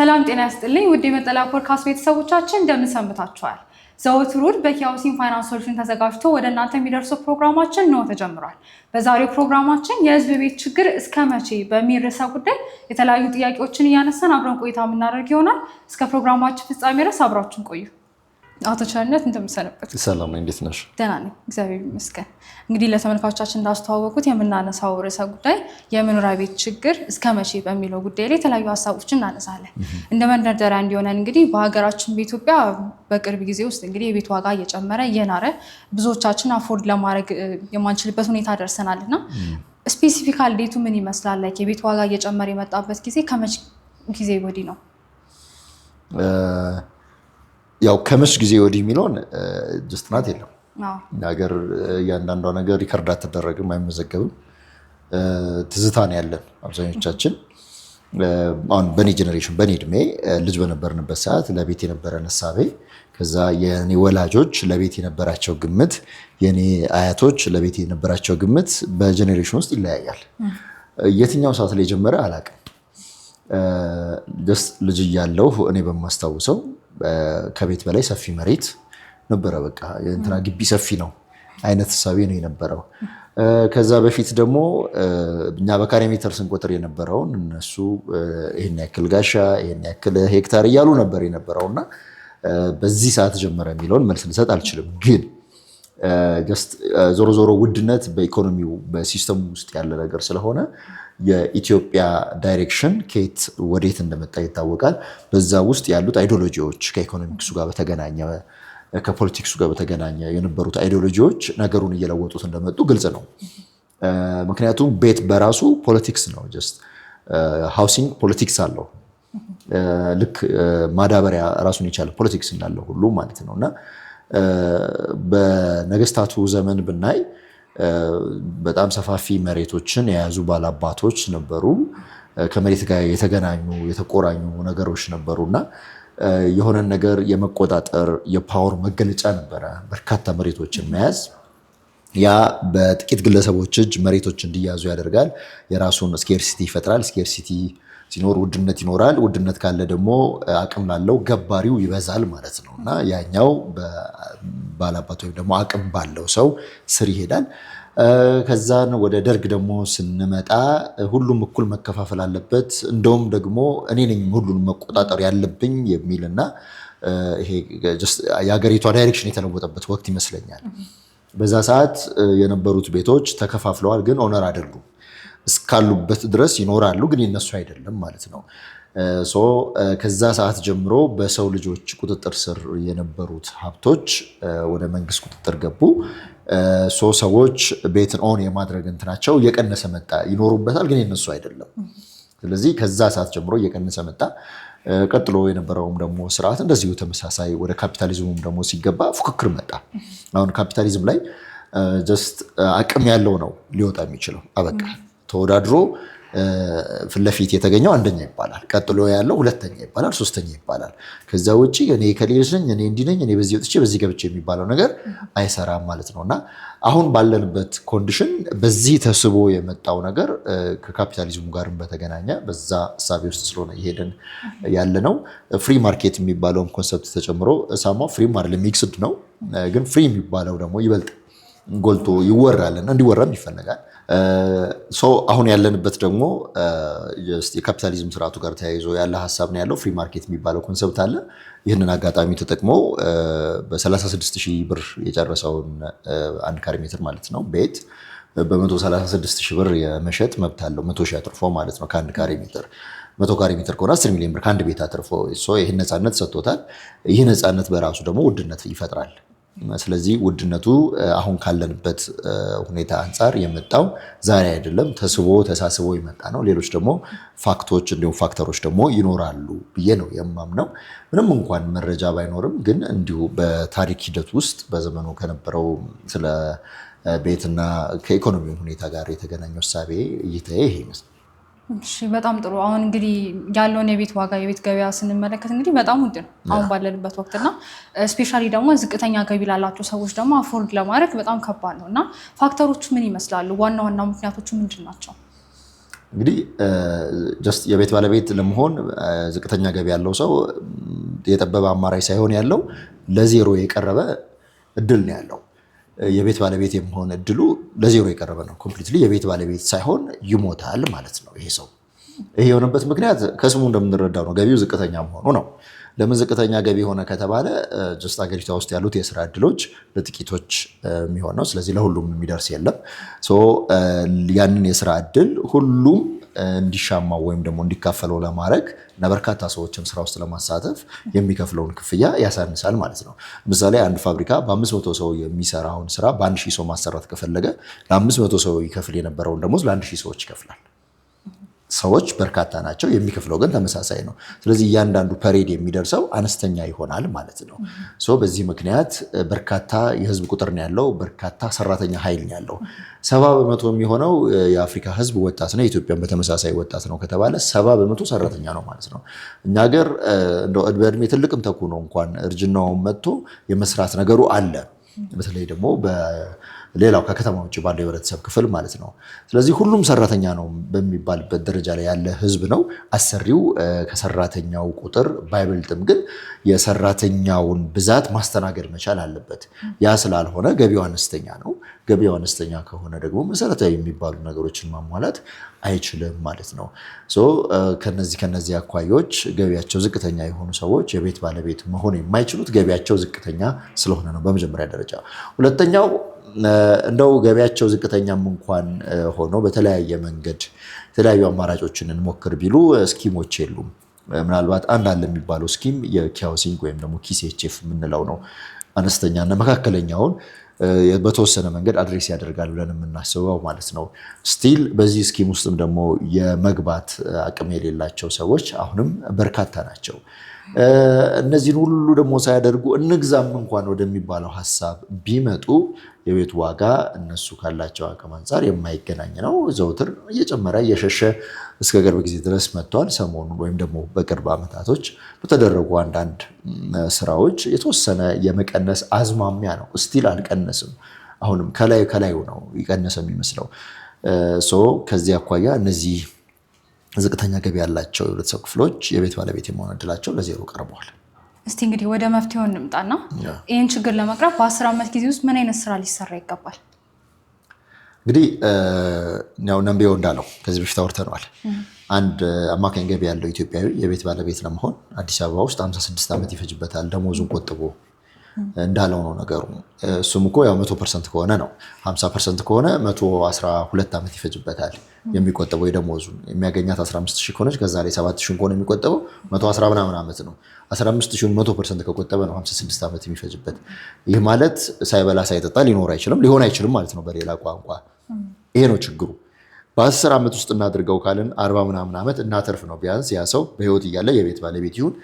ሰላም ጤና ያስጥልኝ ውድ የመጠለያ ፖድካስት ቤተሰቦቻችን እንደምን ሰንብታችኋል? ዘወትር እሑድ በኪያውሲን ፋይናንስ ሶሉሽን ተዘጋጅቶ ወደ እናንተ የሚደርሰው ፕሮግራማችን ነው ተጀምሯል። በዛሬው ፕሮግራማችን የህዝብ ቤት ችግር እስከ መቼ በሚል ርዕሰ ጉዳይ የተለያዩ ጥያቄዎችን እያነሳን አብረን ቆይታ የምናደርግ ይሆናል። እስከ ፕሮግራማችን ፍጻሜ ድረስ አብራችን ቆዩ። አቶ ቻርነት እንደምሰነበት ሰላም፣ እንዴት ነሽ? ደህና ነኝ፣ እግዚአብሔር ይመስገን። እንግዲህ ለተመልካቾቻችን እንዳስተዋወቁት የምናነሳው ርዕሰ ጉዳይ የመኖሪያ ቤት ችግር እስከ መቼ በሚለው ጉዳይ ላይ የተለያዩ ሀሳቦችን እናነሳለን። እንደ መንደርደሪያ እንዲሆነን እንግዲህ በሀገራችን በኢትዮጵያ በቅርብ ጊዜ ውስጥ እንግዲህ የቤት ዋጋ እየጨመረ እየናረ ብዙዎቻችን አፎርድ ለማድረግ የማንችልበት ሁኔታ ደርሰናል እና ስፔሲፊካል ዴቱ ምን ይመስላል? ላይክ የቤት ዋጋ እየጨመረ የመጣበት ጊዜ ከመቼ ጊዜ ወዲህ ነው? ያው ከመሽ ጊዜ ወዲህ የሚለውን ጀስት ናት የለም ነገር እያንዳንዷ ነገር ሪከርድ አትደረግም፣ አይመዘገብም። ትዝታ ነው ያለን አብዛኞቻችን። አሁን በእኔ ጀኔሬሽን በእኔ እድሜ ልጅ በነበርንበት ሰዓት ለቤት የነበረን እሳቤ፣ ከዛ የኔ ወላጆች ለቤት የነበራቸው ግምት፣ የኔ አያቶች ለቤት የነበራቸው ግምት በጀኔሬሽን ውስጥ ይለያያል። የትኛው ሰዓት ላይ የጀመረ አላውቅም። ደስ ልጅ እያለሁ እኔ በማስታውሰው ከቤት በላይ ሰፊ መሬት ነበረ። በቃ እንትና ግቢ ሰፊ ነው አይነት ሳቢ ነው የነበረው። ከዛ በፊት ደግሞ እኛ በካሬ ሜትር ስንቆጥር የነበረውን እነሱ ይህን ያክል ጋሻ፣ ይህን ያክል ሄክታር እያሉ ነበር የነበረው እና በዚህ ሰዓት ጀመረ የሚለውን መልስ ልሰጥ አልችልም። ግን ጆስት ዞሮ ዞሮ ውድነት በኢኮኖሚው በሲስተሙ ውስጥ ያለ ነገር ስለሆነ የኢትዮጵያ ዳይሬክሽን ከየት ወዴት እንደመጣ ይታወቃል። በዛ ውስጥ ያሉት አይዲዮሎጂዎች ከኢኮኖሚክሱ ጋር በተገናኘ ከፖለቲክሱ ጋር በተገናኘ የነበሩት አይዲዮሎጂዎች ነገሩን እየለወጡት እንደመጡ ግልጽ ነው። ምክንያቱም ቤት በራሱ ፖለቲክስ ነው። ጀስት ሃውሲንግ ፖለቲክስ አለው። ልክ ማዳበሪያ ራሱን የቻለ ፖለቲክስ እንዳለው ሁሉ ማለት ነው እና በነገስታቱ ዘመን ብናይ በጣም ሰፋፊ መሬቶችን የያዙ ባላባቶች ነበሩ። ከመሬት ጋር የተገናኙ የተቆራኙ ነገሮች ነበሩ እና የሆነን ነገር የመቆጣጠር የፓወር መገለጫ ነበረ በርካታ መሬቶችን መያዝ። ያ በጥቂት ግለሰቦች እጅ መሬቶች እንዲያዙ ያደርጋል። የራሱን ስኬርሲቲ ይፈጥራል። ስኬርሲቲ ሲኖር ውድነት ይኖራል። ውድነት ካለ ደግሞ አቅም ላለው ገባሪው ይበዛል ማለት ነው እና ያኛው ባላባት ወይም ደግሞ አቅም ባለው ሰው ስር ይሄዳል። ከዛን ወደ ደርግ ደግሞ ስንመጣ ሁሉም እኩል መከፋፈል አለበት፣ እንደውም ደግሞ እኔ ነኝ ሁሉን መቆጣጠር ያለብኝ የሚል እና ይሄ የሀገሪቷ ዳይሬክሽን የተለወጠበት ወቅት ይመስለኛል። በዛ ሰዓት የነበሩት ቤቶች ተከፋፍለዋል፣ ግን ኦነር አይደሉም። እስካሉበት ድረስ ይኖራሉ፣ ግን የነሱ አይደለም ማለት ነው። ከዛ ሰዓት ጀምሮ በሰው ልጆች ቁጥጥር ስር የነበሩት ሀብቶች ወደ መንግስት ቁጥጥር ገቡ። ሶ ሰዎች ቤትን ኦን የማድረግ እንትናቸው እየቀነሰ መጣ። ይኖሩበታል፣ ግን የነሱ አይደለም። ስለዚህ ከዛ ሰዓት ጀምሮ እየቀነሰ መጣ። ቀጥሎ የነበረውም ደግሞ ስርዓት እንደዚሁ ተመሳሳይ፣ ወደ ካፒታሊዝሙም ደግሞ ሲገባ ፉክክር መጣ። አሁን ካፒታሊዝም ላይ ጀስት አቅም ያለው ነው ሊወጣ የሚችለው። አበቃ። ተወዳድሮ ፊት ለፊት የተገኘው አንደኛ ይባላል። ቀጥሎ ያለው ሁለተኛ ይባላል፣ ሶስተኛ ይባላል። ከዛ ውጭ እኔ ከሌሎች ነኝ፣ እኔ እንዲህ ነኝ፣ እኔ በዚህ ወጥቼ በዚህ ገብቼ የሚባለው ነገር አይሰራም ማለት ነው እና አሁን ባለንበት ኮንዲሽን በዚህ ተስቦ የመጣው ነገር ከካፒታሊዝሙ ጋር በተገናኘ በዛ እሳቤ ውስጥ ስለሆነ ይሄድን ያለ ነው። ፍሪ ማርኬት የሚባለውን ኮንሰፕት ተጨምሮ ሳማ ፍሪ አይደለም ሚክስድ ነው፣ ግን ፍሪ የሚባለው ደግሞ ይበልጥ ጎልቶ ይወራልን እንዲወራም ይፈልጋል። አሁን ያለንበት ደግሞ የካፒታሊዝም ስርዓቱ ጋር ተያይዞ ያለ ሀሳብ ነው ያለው። ፍሪ ማርኬት የሚባለው ኮንሰብት አለ። ይህንን አጋጣሚ ተጠቅሞ በ36 ሺህ ብር የጨረሰውን አንድ ካሬ ሜትር ማለት ነው ቤት በ136 ሺህ ብር የመሸጥ መብት አለው። መቶ ሺህ አትርፎ ማለት ነው ከአንድ ካሬ ሜትር መቶ ካሬ ሜትር ከሆነ አስር ሚሊዮን ብር ከአንድ ቤት አትርፎ ይህን ነፃነት ሰጥቶታል። ይህ ነፃነት በራሱ ደግሞ ውድነት ይፈጥራል። ስለዚህ ውድነቱ አሁን ካለንበት ሁኔታ አንጻር የመጣው ዛሬ አይደለም፣ ተስቦ ተሳስቦ የመጣ ነው። ሌሎች ደግሞ ፋክቶች እንዲሁም ፋክተሮች ደግሞ ይኖራሉ ብዬ ነው የማምነው። ምንም እንኳን መረጃ ባይኖርም ግን እንዲሁ በታሪክ ሂደት ውስጥ በዘመኑ ከነበረው ስለ ቤትና ከኢኮኖሚው ሁኔታ ጋር የተገናኘው እሳቤ እይታዬ ይሄ ይመስላል። እሺ በጣም ጥሩ። አሁን እንግዲህ ያለውን የቤት ዋጋ የቤት ገበያ ስንመለከት እንግዲህ በጣም ውድ ነው አሁን ባለንበት ወቅት እና ስፔሻሊ ደግሞ ዝቅተኛ ገቢ ላላቸው ሰዎች ደግሞ አፎርድ ለማድረግ በጣም ከባድ ነው እና ፋክተሮቹ ምን ይመስላሉ? ዋና ዋና ምክንያቶቹ ምንድን ናቸው? እንግዲህ ጀስት የቤት ባለቤት ለመሆን ዝቅተኛ ገቢ ያለው ሰው የጠበበ አማራጭ ሳይሆን ያለው ለዜሮ የቀረበ እድል ነው ያለው የቤት ባለቤት የመሆን እድሉ ለዜሮ የቀረበ ነው። ኮምፕሊትሊ የቤት ባለቤት ሳይሆን ይሞታል ማለት ነው ይሄ ሰው። ይሄ የሆነበት ምክንያት ከስሙ እንደምንረዳው ነው፣ ገቢው ዝቅተኛ መሆኑ ነው። ለምን ዝቅተኛ ገቢ ሆነ ከተባለ ጀስት ሀገሪቷ ውስጥ ያሉት የስራ እድሎች ለጥቂቶች የሚሆን ነው። ስለዚህ ለሁሉም የሚደርስ የለም። ያንን የስራ እድል ሁሉም እንዲሻማው ወይም ደግሞ እንዲካፈለው ለማድረግ እና በርካታ ሰዎችም ስራ ውስጥ ለማሳተፍ የሚከፍለውን ክፍያ ያሳንሳል ማለት ነው። ምሳሌ አንድ ፋብሪካ በአምስት መቶ ሰው የሚሰራውን ስራ በአንድ ሺህ ሰው ማሰራት ከፈለገ ለአምስት መቶ ሰው ይከፍል የነበረውን ደሞዝ ለአንድ ሺህ ሰዎች ይከፍላል። ሰዎች በርካታ ናቸው። የሚከፍለው ግን ተመሳሳይ ነው። ስለዚህ እያንዳንዱ ፐሬድ የሚደርሰው አነስተኛ ይሆናል ማለት ነው። በዚህ ምክንያት በርካታ የህዝብ ቁጥር ነው ያለው፣ በርካታ ሰራተኛ ኃይል ነው ያለው። ሰባ በመቶ የሚሆነው የአፍሪካ ህዝብ ወጣት ነው። የኢትዮጵያን በተመሳሳይ ወጣት ነው ከተባለ ሰባ በመቶ ሰራተኛ ነው ማለት ነው። እኛ ሀገር በእድሜ ትልቅም ተኩኖ እንኳን እርጅናውን መጥቶ የመስራት ነገሩ አለ። በተለይ ደግሞ ሌላው ከከተማ ውጭ ባለው የህብረተሰብ ክፍል ማለት ነው። ስለዚህ ሁሉም ሰራተኛ ነው በሚባልበት ደረጃ ላይ ያለ ህዝብ ነው። አሰሪው ከሰራተኛው ቁጥር ባይበልጥም ግን የሰራተኛውን ብዛት ማስተናገድ መቻል አለበት። ያ ስላልሆነ ገቢው አነስተኛ ነው። ገቢው አነስተኛ ከሆነ ደግሞ መሰረታዊ የሚባሉ ነገሮችን ማሟላት አይችልም ማለት ነው። ከነዚህ ከነዚህ አኳያዎች ገቢያቸው ዝቅተኛ የሆኑ ሰዎች የቤት ባለቤት መሆን የማይችሉት ገቢያቸው ዝቅተኛ ስለሆነ ነው በመጀመሪያ ደረጃ። ሁለተኛው እንደው ገቢያቸው ዝቅተኛም እንኳን ሆኖ በተለያየ መንገድ የተለያዩ አማራጮችን እንሞክር ቢሉ ስኪሞች የሉም። ምናልባት አንድ አለ የሚባለው ስኪም የኪያውሲንግ ወይም ደግሞ ኪሴችፍ የምንለው ነው። አነስተኛና መካከለኛውን በተወሰነ መንገድ አድሬስ ያደርጋል ብለን የምናስበው ማለት ነው። ስቲል በዚህ ስኪም ውስጥም ደግሞ የመግባት አቅም የሌላቸው ሰዎች አሁንም በርካታ ናቸው። እነዚህን ሁሉ ደግሞ ሳያደርጉ እንግዛም እንኳን ወደሚባለው ሀሳብ ቢመጡ የቤቱ ዋጋ እነሱ ካላቸው አቅም አንጻር የማይገናኝ ነው። ዘውትር እየጨመረ እየሸሸ እስከ ቅርብ ጊዜ ድረስ መጥቷል። ሰሞኑን ወይም ደግሞ በቅርብ ዓመታቶች በተደረጉ አንዳንድ ስራዎች የተወሰነ የመቀነስ አዝማሚያ ነው። እስቲል አልቀነስም። አሁንም ከላይ ከላዩ ነው ይቀነሰ የሚመስለው። ከዚህ አኳያ እነዚህ ዝቅተኛ ገቢ ያላቸው የህብረተሰብ ክፍሎች የቤት ባለቤት የመሆን እድላቸው ለዜሮ ቀርበዋል። እስቲ እንግዲህ ወደ መፍትሄው እንምጣና ይህን ችግር ለመቅረብ በአስር ዓመት ጊዜ ውስጥ ምን አይነት ስራ ሊሰራ ይገባል? እንግዲህ ያው ነምቤው እንዳለው ከዚህ በፊት አውርተነዋል። አንድ አማካኝ ገቢ ያለው ኢትዮጵያዊ የቤት ባለቤት ለመሆን አዲስ አበባ ውስጥ 56 ዓመት ይፈጅበታል ደሞዙን ቆጥቦ እንዳለው ነው ነገሩ። እሱም እኮ ያው መቶ ፐርሰንት ከሆነ ነው። ሀምሳ ፐርሰንት ከሆነ መቶ አስራ ሁለት ዓመት ይፈጅበታል የሚቆጠበው የደሞዙ የሚያገኛት አስራ አምስት ሺህ ከሆነች ከዛ ላይ ሰባት ሺህ ከሆነ የሚቆጠበው መቶ አስራ ምናምን ዓመት ነው። አስራ አምስት ሺህ መቶ ፐርሰንት ከቆጠበ ነው ሀምሳ ስድስት ዓመት የሚፈጅበት። ይህ ማለት ሳይበላ ሳይጠጣ ሊኖር አይችልም፣ ሊሆን አይችልም ማለት ነው በሌላ ቋንቋ። ይሄ ነው ችግሩ። በአስር ዓመት ውስጥ እናድርገው ካልን አርባ ምናምን ዓመት እናተርፍ ነው ቢያንስ ያ ሰው በህይወት እያለ የቤት ባለቤት ይሁን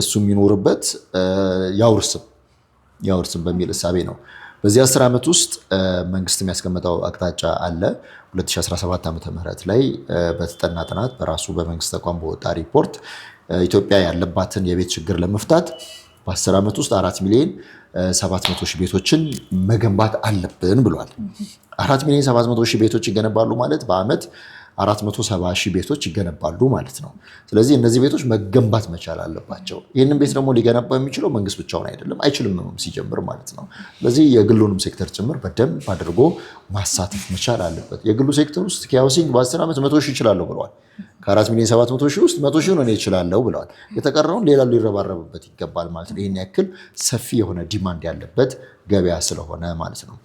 እሱ የሚኖርበት ያውርስም ያወርስም በሚል እሳቤ ነው። በዚህ አስር ዓመት ውስጥ መንግስት የሚያስቀምጠው አቅጣጫ አለ። 2017 ዓ ም ላይ በተጠና ጥናት በራሱ በመንግስት ተቋም በወጣ ሪፖርት ኢትዮጵያ ያለባትን የቤት ችግር ለመፍታት በአስር ዓመት ውስጥ አራት ሚሊዮን ሰባት ሺህ ቤቶችን መገንባት አለብን ብሏል። አራት ሚሊዮን ሰባት ሺህ ቤቶች ይገነባሉ ማለት በአመት 470 ሺህ ቤቶች ይገነባሉ ማለት ነው። ስለዚህ እነዚህ ቤቶች መገንባት መቻል አለባቸው። ይህንን ቤት ደግሞ ሊገነባ የሚችለው መንግስት ብቻውን አይደለም፣ አይችልም ሲጀምር ማለት ነው። ስለዚህ የግሉንም ሴክተር ጭምር በደንብ አድርጎ ማሳተፍ መቻል አለበት። የግሉ ሴክተር ውስጥ ኪ ሃውሲንግ በ10 ዓመት መቶ ሺህ ይችላለሁ ብለዋል። ከአራት ሚሊዮን ሰባት መቶ ሺህ ውስጥ መቶ ሺህ ነው እኔ ብለዋል። የተቀረውን ሌላ ሊረባረብበት ይገባል ማለት ነው። ይህን ያክል ሰፊ የሆነ ዲማንድ ያለበት ገበያ ስለሆነ ማለት ነው።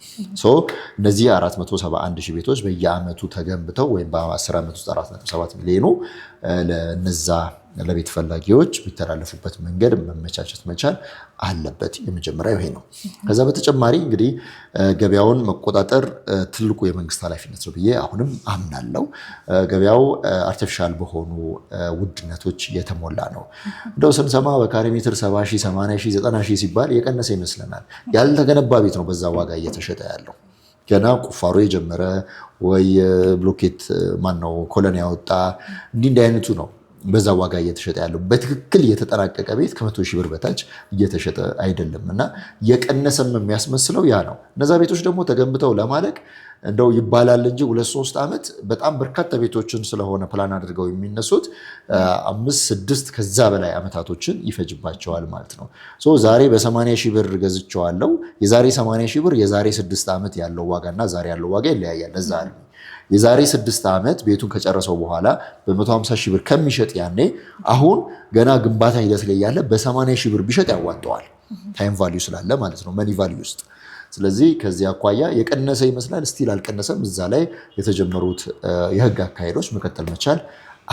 እነዚህ 471 ሺህ ቤቶች በየአመቱ ተገንብተው ወይም በ10 ዓመት ውስጥ 4.7 ሚሊዮኑ ለነዛ ለቤት ፈላጊዎች የሚተላለፉበት መንገድ መመቻቸት መቻል አለበት። የመጀመሪያው ይሄ ነው። ከዛ በተጨማሪ እንግዲህ ገበያውን መቆጣጠር ትልቁ የመንግስት ኃላፊነት ነው ብዬ አሁንም አምናለው። ገበያው አርቲፊሻል በሆኑ ውድነቶች የተሞላ ነው። እንደው ስንሰማ በካሬ ሜትር 70 ሺህ፣ 80 ሺህ፣ 90 ሺህ ሲባል የቀነሰ ይመስለናል። ያልተገነባ ቤት ነው በዛ ዋጋ እየተሸጠ ያለው ገና ቁፋሮ የጀመረ ወይ ብሎኬት ማን ነው ኮለን ያወጣ እንዲህ እንዲህ አይነቱ ነው። በዛ ዋጋ እየተሸጠ ያለው በትክክል የተጠናቀቀ ቤት ከመቶ ሺህ ብር በታች እየተሸጠ አይደለም እና የቀነሰም የሚያስመስለው ያ ነው። እነዛ ቤቶች ደግሞ ተገንብተው ለማለቅ እንደው ይባላል እንጂ ሁለት ሶስት ዓመት በጣም በርካታ ቤቶችን ስለሆነ ፕላን አድርገው የሚነሱት አምስት ስድስት ከዛ በላይ ዓመታቶችን ይፈጅባቸዋል ማለት ነው። ዛሬ በሰማንያ ሺህ ብር ገዝቸዋለው። የዛሬ ሰማንያ ሺህ ብር የዛሬ ስድስት ዓመት ያለው ዋጋና ዛሬ ያለው ዋጋ ይለያያል። ለዛ ነው የዛሬ ስድስት ዓመት ቤቱን ከጨረሰው በኋላ በ150 ሺህ ብር ከሚሸጥ ያኔ አሁን ገና ግንባታ ሂደት ላይ ያለ በ80 ሺህ ብር ቢሸጥ ያዋጠዋል። ታይም ቫሊዩ ስላለ ማለት ነው መኒ ቫሊዩ ውስጥ። ስለዚህ ከዚህ አኳያ የቀነሰ ይመስላል፣ ስቲል አልቀነሰም። እዛ ላይ የተጀመሩት የህግ አካሄዶች መቀጠል መቻል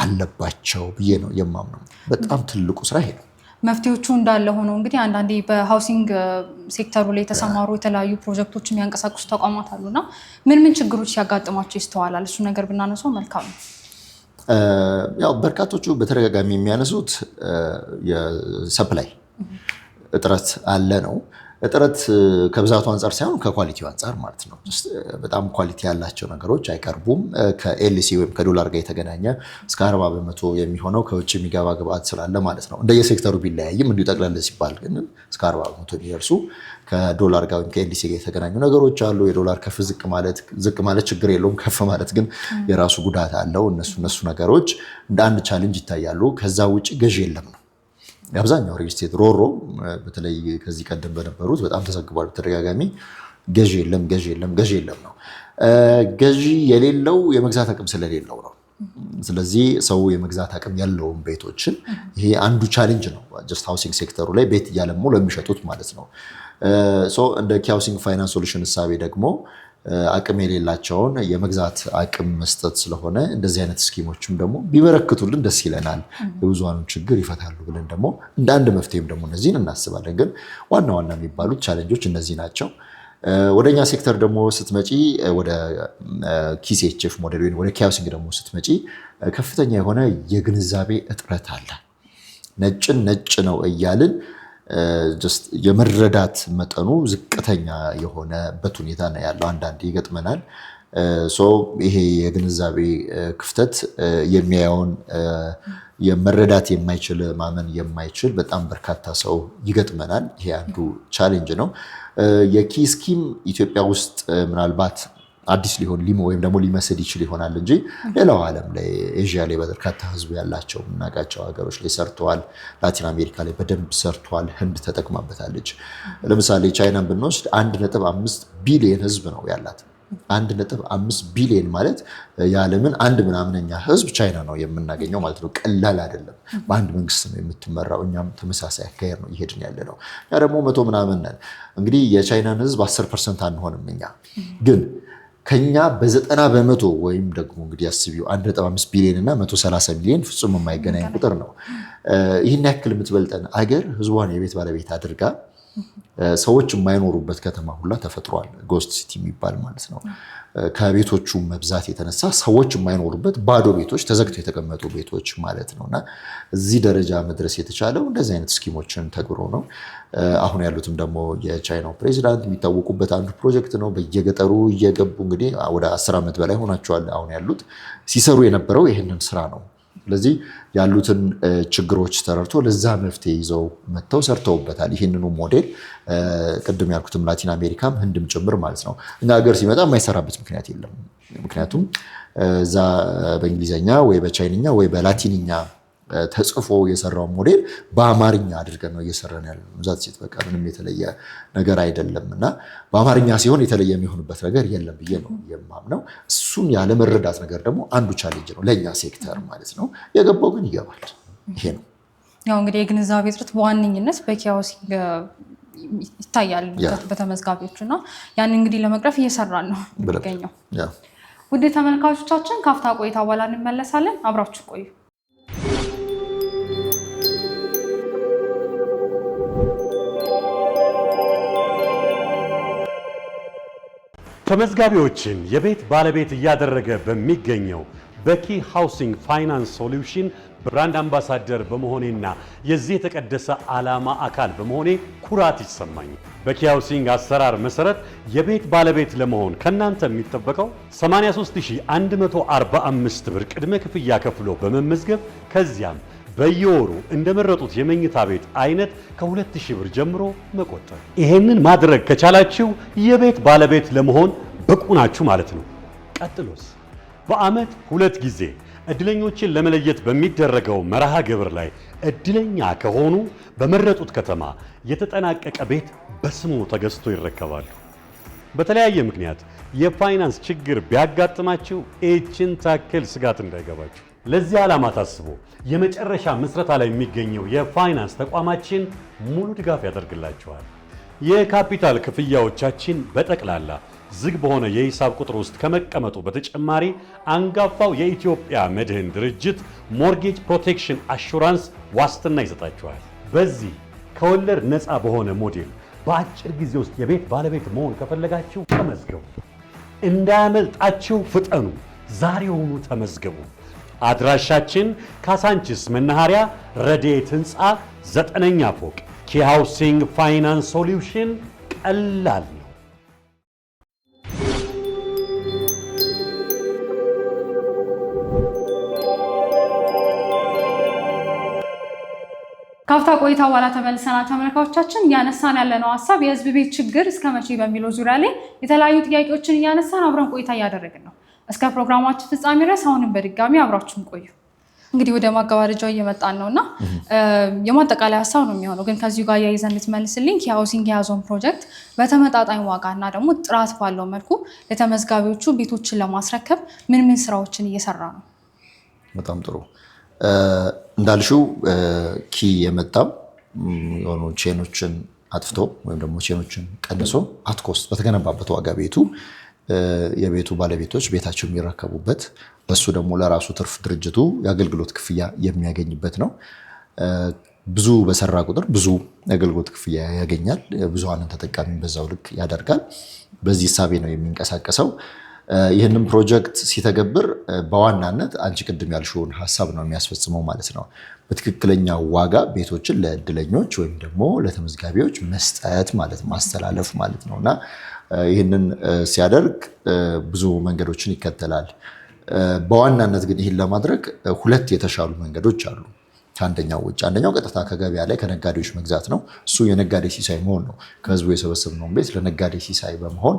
አለባቸው ብዬ ነው የማምነው። በጣም ትልቁ ስራ ይሄ ነው። መፍትሄዎቹ እንዳለ ሆነው እንግዲህ አንዳንዴ በሃውሲንግ ሴክተሩ ላይ የተሰማሩ የተለያዩ ፕሮጀክቶች የሚያንቀሳቅሱ ተቋማት አሉ እና ምን ምን ችግሮች ሲያጋጥማቸው ይስተዋላል? እሱ ነገር ብናነሳው መልካም ነው። ያው በርካቶቹ በተደጋጋሚ የሚያነሱት የሰፕላይ እጥረት አለ ነው። እጥረት ከብዛቱ አንጻር ሳይሆን ከኳሊቲው አንጻር ማለት ነው። uh, በጣም ኳሊቲ ያላቸው ነገሮች አይቀርቡም። uh, ከኤልሲ ወይም ከዶላር ጋር የተገናኘ እስከ አርባ በመቶ የሚሆነው ከውጭ የሚገባ ግብአት ስላለ ማለት ነው። እንደየሴክተሩ ቢለያይም እንዲሁ ጠቅለል ሲባል ግን እስከ አርባ በመቶ የሚደርሱ ከዶላር ጋር ወይም ከኤልሲ ጋር የተገናኙ ነገሮች አሉ። የዶላር ከፍ ዝቅ ማለት ዝቅ ማለት ችግር የለውም፣ ከፍ ማለት ግን የራሱ ጉዳት አለው። እነሱ እነሱ ነገሮች እንደ አንድ ቻሌንጅ ይታያሉ። ከዛ ውጭ ገዢ የለም ነው የአብዛኛው ሪል ስቴት ሮሮ በተለይ ከዚህ ቀደም በነበሩት በጣም ተዘግቧል። በተደጋጋሚ ገዢ የለም፣ ገዢ የለም፣ ገዢ የለም ነው። ገዢ የሌለው የመግዛት አቅም ስለሌለው ነው። ስለዚህ ሰው የመግዛት አቅም ያለውን ቤቶችን ይሄ አንዱ ቻሌንጅ ነው። ጀስት ሃውሲንግ ሴክተሩ ላይ ቤት እያለሙ ለሚሸጡት ማለት ነው። እንደ ኪ ሃውሲንግ ፋይናንስ ሶሉሽን እሳቤ ደግሞ አቅም የሌላቸውን የመግዛት አቅም መስጠት ስለሆነ እንደዚህ አይነት ስኪሞችም ደግሞ ቢበረክቱልን ደስ ይለናል። የብዙሃኑን ችግር ይፈታሉ ብለን ደግሞ እንደ አንድ መፍትሄም ደግሞ እነዚህን እናስባለን። ግን ዋና ዋና የሚባሉት ቻለንጆች እነዚህ ናቸው። ወደ እኛ ሴክተር ደግሞ ስትመጪ ወደ ኪሴችፍ ሞዴል ወይም ወደ ኪያውሲንግ ደግሞ ስትመጪ ከፍተኛ የሆነ የግንዛቤ እጥረት አለ። ነጭን ነጭ ነው እያልን የመረዳት መጠኑ ዝቅተኛ የሆነበት ሁኔታ ነው ያለው። አንዳንዴ ይገጥመናል። ይሄ የግንዛቤ ክፍተት የሚያየውን መረዳት የማይችል ማመን የማይችል በጣም በርካታ ሰው ይገጥመናል። ይሄ አንዱ ቻሌንጅ ነው። የኪ ስኪም ኢትዮጵያ ውስጥ ምናልባት አዲስ ሊሆን ወይም ደግሞ ሊመስል ይችል ይሆናል እንጂ ሌላው ዓለም ላይ ኤዥያ ላይ በርካታ ህዝቡ ያላቸው የምናውቃቸው ሀገሮች ላይ ሰርተዋል። ላቲን አሜሪካ ላይ በደንብ ሰርተዋል። ህንድ ተጠቅማበታለች። ለምሳሌ ቻይናን ብንወስድ አንድ ነጥብ አምስት ቢሊየን ህዝብ ነው ያላት። አንድ ነጥብ አምስት ቢሊየን ማለት የዓለምን አንድ ምናምነኛ ህዝብ ቻይና ነው የምናገኘው ማለት ነው። ቀላል አይደለም። በአንድ መንግስት ነው የምትመራው። እኛም ተመሳሳይ አካሄድ ነው እየሄድን ያለ ነው። እኛ ደግሞ መቶ ምናምን ነን። እንግዲህ የቻይናን ህዝብ አስር ፐርሰንት አንሆንም እኛ ግን ከኛ በዘጠና በመቶ ወይም ደግሞ እንግዲህ አስቢው 1.5 ቢሊዮን እና ሰላሳ ሚሊዮን ፍጹም የማይገናኝ ቁጥር ነው። ይህን ያክል የምትበልጠን አገር ህዝቧን የቤት ባለቤት አድርጋ ሰዎች የማይኖሩበት ከተማ ሁላ ተፈጥሯል። ጎስት ሲቲ የሚባል ማለት ነው። ከቤቶቹ መብዛት የተነሳ ሰዎች የማይኖሩበት ባዶ ቤቶች፣ ተዘግተው የተቀመጡ ቤቶች ማለት ነው እና እዚህ ደረጃ መድረስ የተቻለው እንደዚህ አይነት ስኪሞችን ተግብሮ ነው። አሁን ያሉትም ደግሞ የቻይናው ፕሬዚዳንት የሚታወቁበት አንዱ ፕሮጀክት ነው። በየገጠሩ እየገቡ እንግዲህ ወደ አስር ዓመት በላይ ሆናቸዋል አሁን ያሉት ሲሰሩ የነበረው ይህንን ስራ ነው። ስለዚህ ያሉትን ችግሮች ተረድቶ ለዛ መፍትሄ ይዘው መጥተው ሰርተውበታል። ይህንኑ ሞዴል ቅድም ያልኩትም ላቲን አሜሪካም ህንድም ጭምር ማለት ነው። እኛ ሀገር ሲመጣ የማይሰራበት ምክንያት የለም። ምክንያቱም እዛ በእንግሊዝኛ ወይ በቻይንኛ ወይ በላቲንኛ ተጽፎ የሰራውን ሞዴል በአማርኛ አድርገን ነው እየሰራን ያለ ዛት ሴት በቃ ምንም የተለየ ነገር አይደለም እና በአማርኛ ሲሆን የተለየ የሚሆንበት ነገር የለም ብዬ ነው የማምነው። እሱን ያለመረዳት ነገር ደግሞ አንዱ ቻሌንጅ ነው ለእኛ ሴክተር ማለት ነው። የገባው ግን ይገባል። ይሄ ነው ያው እንግዲህ የግንዛቤ እጥረት በዋነኝነት በኪያውሲንግ ይታያል በተመዝጋቢዎቹ እና ያን እንግዲህ ለመቅረፍ እየሰራን ነው የሚገኘው። ውድ ተመልካቾቻችን ከአፍታ ቆይታ በኋላ እንመለሳለን። አብራችሁ ቆዩ። ተመዝጋቢዎችን የቤት ባለቤት እያደረገ በሚገኘው በኪ ሃውሲንግ ፋይናንስ ሶሉሽን ብራንድ አምባሳደር በመሆኔና የዚህ የተቀደሰ ዓላማ አካል በመሆኔ ኩራት ይሰማኝ። በኪ ሃውሲንግ አሰራር መሰረት የቤት ባለቤት ለመሆን ከእናንተ የሚጠበቀው 83145 ብር ቅድመ ክፍያ ከፍሎ በመመዝገብ ከዚያም በየወሩ እንደመረጡት የመኝታ ቤት አይነት ከ2000 ብር ጀምሮ መቆጠብ። ይሄንን ማድረግ ከቻላችሁ የቤት ባለቤት ለመሆን ብቁ ናችሁ ማለት ነው። ቀጥሎስ በዓመት ሁለት ጊዜ እድለኞችን ለመለየት በሚደረገው መርሃ ግብር ላይ እድለኛ ከሆኑ በመረጡት ከተማ የተጠናቀቀ ቤት በስሙ ተገዝቶ ይረከባሉ። በተለያየ ምክንያት የፋይናንስ ችግር ቢያጋጥማችሁ ይህችን ታክል ስጋት እንዳይገባችሁ ለዚህ ዓላማ ታስቦ የመጨረሻ ምስረታ ላይ የሚገኘው የፋይናንስ ተቋማችን ሙሉ ድጋፍ ያደርግላቸዋል። የካፒታል ክፍያዎቻችን በጠቅላላ ዝግ በሆነ የሂሳብ ቁጥር ውስጥ ከመቀመጡ በተጨማሪ አንጋፋው የኢትዮጵያ መድህን ድርጅት ሞርጌጅ ፕሮቴክሽን አሹራንስ ዋስትና ይሰጣቸዋል። በዚህ ከወለድ ነፃ በሆነ ሞዴል በአጭር ጊዜ ውስጥ የቤት ባለቤት መሆን ከፈለጋችሁ ተመዝገቡ። እንዳያመልጣችሁ ፍጠኑ። ዛሬውኑ ተመዝገቡ። አድራሻችን ካሳንቺስ መናኸሪያ ረድኤት ህንፃ ዘጠነኛ ፎቅ ኪ ሃውሲንግ ፋይናንስ ሶሉሽን ቀላል ነው። ካፍታ ቆይታ በኋላ ተመልሰናል። ተመልካዮቻችን እያነሳን ያለነው ሀሳብ የህዝብ ቤት ችግር እስከ መቼ በሚለው ዙሪያ ላይ የተለያዩ ጥያቄዎችን እያነሳን አብረን ቆይታ እያደረግን ነው። እስከ ፕሮግራማችን ፍጻሜ ድረስ አሁንም በድጋሚ አብራችሁን ቆዩ። እንግዲህ ወደ ማገባደጃው እየመጣን ነው እና የማጠቃላይ ሀሳብ ነው የሚሆነው። ግን ከዚሁ ጋር እያይዘን ልትመልስልኝ የሃውሲንግ የያዘውን ፕሮጀክት በተመጣጣኝ ዋጋ እና ደግሞ ጥራት ባለው መልኩ ለተመዝጋቢዎቹ ቤቶችን ለማስረከብ ምን ምን ስራዎችን እየሰራ ነው? በጣም ጥሩ እንዳልሽው ኪ የመጣው የሆኑ ቼኖችን አጥፍቶ ወይም ደግሞ ቼኖችን ቀንሶ አትኮስት በተገነባበት ዋጋ ቤቱ የቤቱ ባለቤቶች ቤታቸው የሚረከቡበት በሱ ደግሞ ለራሱ ትርፍ ድርጅቱ የአገልግሎት ክፍያ የሚያገኝበት ነው። ብዙ በሰራ ቁጥር ብዙ የአገልግሎት ክፍያ ያገኛል። ብዙሃንን ተጠቃሚ በዛው ልክ ያደርጋል። በዚህ እሳቤ ነው የሚንቀሳቀሰው። ይህንም ፕሮጀክት ሲተገብር በዋናነት አንቺ ቅድም ያልሽውን ሀሳብ ነው የሚያስፈጽመው ማለት ነው። በትክክለኛ ዋጋ ቤቶችን ለእድለኞች ወይም ደግሞ ለተመዝጋቢዎች መስጠት ማለት ማስተላለፍ ማለት ነው እና ይህንን ሲያደርግ ብዙ መንገዶችን ይከተላል። በዋናነት ግን ይህን ለማድረግ ሁለት የተሻሉ መንገዶች አሉ ከአንደኛው ውጭ። አንደኛው ቀጥታ ከገበያ ላይ ከነጋዴዎች መግዛት ነው። እሱ የነጋዴ ሲሳይ መሆን ነው። ከህዝቡ የሰበሰብነውን ቤት ለነጋዴ ሲሳይ በመሆን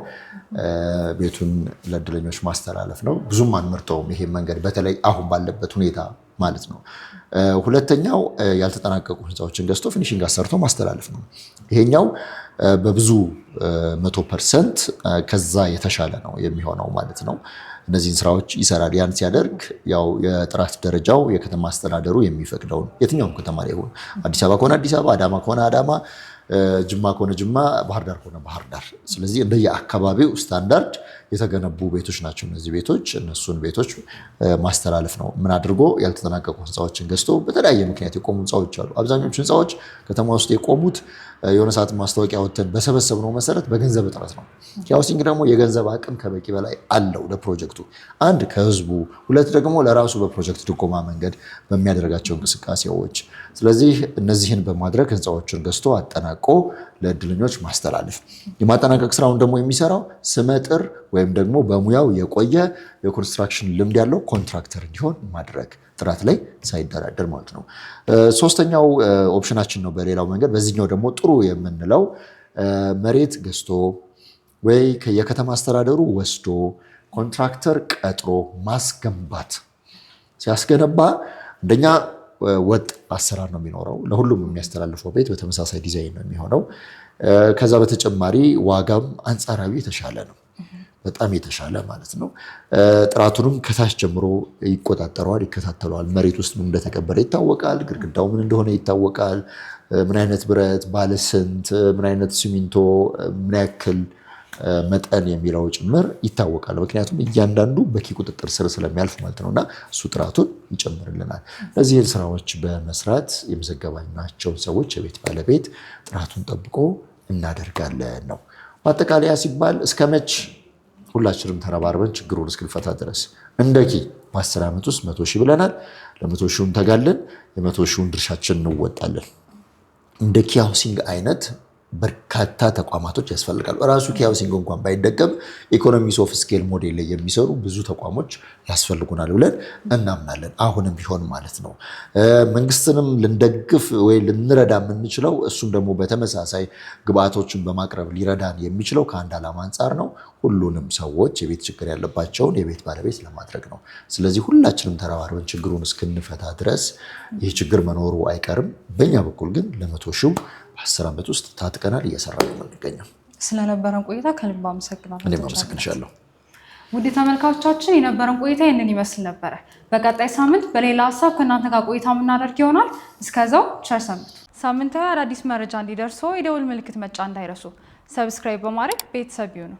ቤቱን ለእድለኞች ማስተላለፍ ነው። ብዙም አንመርጠውም ይሄ መንገድ፣ በተለይ አሁን ባለበት ሁኔታ ማለት ነው። ሁለተኛው ያልተጠናቀቁ ህንፃዎችን ገዝቶ ፊኒሽንግ አሰርቶ ማስተላለፍ ነው። ይሄኛው በብዙ መቶ ፐርሰንት ከዛ የተሻለ ነው የሚሆነው ማለት ነው። እነዚህን ስራዎች ይሰራል። ያን ሲያደርግ ያው የጥራት ደረጃው የከተማ አስተዳደሩ የሚፈቅደውን የትኛውም ከተማ ላይ ይሁን አዲስ አበባ ከሆነ አዲስ አበባ፣ አዳማ ከሆነ አዳማ፣ ጅማ ከሆነ ጅማ፣ ባህር ዳር ከሆነ ባህር ዳር፣ ስለዚህ እንደየአካባቢው ስታንዳርድ የተገነቡ ቤቶች ናቸው። እነዚህ ቤቶች እነሱን ቤቶች ማስተላለፍ ነው። ምን አድርጎ ያልተጠናቀቁ ህንፃዎችን ገዝቶ በተለያየ ምክንያት የቆሙ ህንፃዎች አሉ። አብዛኞቹ ህንፃዎች ከተማ ውስጥ የቆሙት የሆነ ሰዓት ማስታወቂያ በሰበሰብ በሰበሰብነው መሰረት በገንዘብ እጥረት ነው። ሃውሲንግ ደግሞ የገንዘብ አቅም ከበቂ በላይ አለው ለፕሮጀክቱ፣ አንድ ከህዝቡ፣ ሁለት ደግሞ ለራሱ በፕሮጀክት ድጎማ መንገድ በሚያደርጋቸው እንቅስቃሴዎች። ስለዚህ እነዚህን በማድረግ ህንፃዎችን ገዝቶ አጠናቆ ለእድለኞች ማስተላለፍ። የማጠናቀቅ ስራውን ደግሞ የሚሰራው ስመጥር ወይም ደግሞ በሙያው የቆየ የኮንስትራክሽን ልምድ ያለው ኮንትራክተር እንዲሆን ማድረግ ጥራት ላይ ሳይደራደር ማለት ነው። ሶስተኛው ኦፕሽናችን ነው በሌላው መንገድ። በዚህኛው ደግሞ ጥሩ የምንለው መሬት ገዝቶ ወይ የከተማ አስተዳደሩ ወስዶ ኮንትራክተር ቀጥሮ ማስገንባት። ሲያስገነባ አንደኛ ወጥ አሰራር ነው የሚኖረው። ለሁሉም የሚያስተላልፈው ቤት በተመሳሳይ ዲዛይን ነው የሚሆነው። ከዛ በተጨማሪ ዋጋም አንጻራዊ የተሻለ ነው። በጣም የተሻለ ማለት ነው። ጥራቱንም ከታች ጀምሮ ይቆጣጠረዋል፣ ይከታተለዋል። መሬት ውስጥ ምን እንደተቀበረ ይታወቃል። ግድግዳው ምን እንደሆነ ይታወቃል። ምን አይነት ብረት፣ ባለስንት፣ ምን አይነት ሲሚንቶ፣ ምን ያክል መጠን የሚለው ጭምር ይታወቃል። ምክንያቱም እያንዳንዱ በኪ ቁጥጥር ስር ስለሚያልፍ ማለት ነው እና እሱ ጥራቱን ይጨምርልናል። እነዚህን ስራዎች በመስራት የመዘገባናቸውን ሰዎች የቤት ባለቤት ጥራቱን ጠብቆ እናደርጋለን ነው። ማጠቃለያ ሲባል እስከ መች ሁላችንም ተረባርበን ችግሩን እስክንፈታ ድረስ እንደኪ በአስር ዓመት ውስጥ መቶ ሺህ ብለናል። ለመቶ ሺውን ተጋለን የመቶ ሺውን ድርሻችን እንወጣለን። እንደ ኪ ሃውሲንግ አይነት በርካታ ተቋማቶች ያስፈልጋሉ። እራሱ ኪ እንኳን ባይደገም ኢኮኖሚስ ኦፍ ስኬል ሞዴል ላይ የሚሰሩ ብዙ ተቋሞች ያስፈልጉናል ብለን እናምናለን። አሁንም ቢሆን ማለት ነው መንግስትንም ልንደግፍ ወይ ልንረዳ የምንችለው እሱም ደግሞ በተመሳሳይ ግብአቶችን በማቅረብ ሊረዳን የሚችለው ከአንድ ዓላማ አንጻር ነው። ሁሉንም ሰዎች የቤት ችግር ያለባቸውን የቤት ባለቤት ለማድረግ ነው። ስለዚህ ሁላችንም ተረባርበን ችግሩን እስክንፈታ ድረስ ይህ ችግር መኖሩ አይቀርም። በእኛ በኩል ግን ለመቶ ሺው በአስር ዓመት ውስጥ ታጥቀናል፣ እየሰራ ነው የምንገኘው። ስለነበረን ቆይታ ከልብ አመሰግናለሁ። እኔም አመሰግንሻለሁ። ውድ ተመልካቾቻችን የነበረን ቆይታ ይህንን ይመስል ነበረ። በቀጣይ ሳምንት በሌላ ሀሳብ ከእናንተ ጋር ቆይታ የምናደርግ ይሆናል። እስከዛው ቸር ሰንብቱ። ሳምንታዊ አዳዲስ መረጃ እንዲደርሶ የደውል ምልክት መጫ እንዳይረሱ ሰብስክራይብ በማድረግ ቤተሰብ ይሁኑ።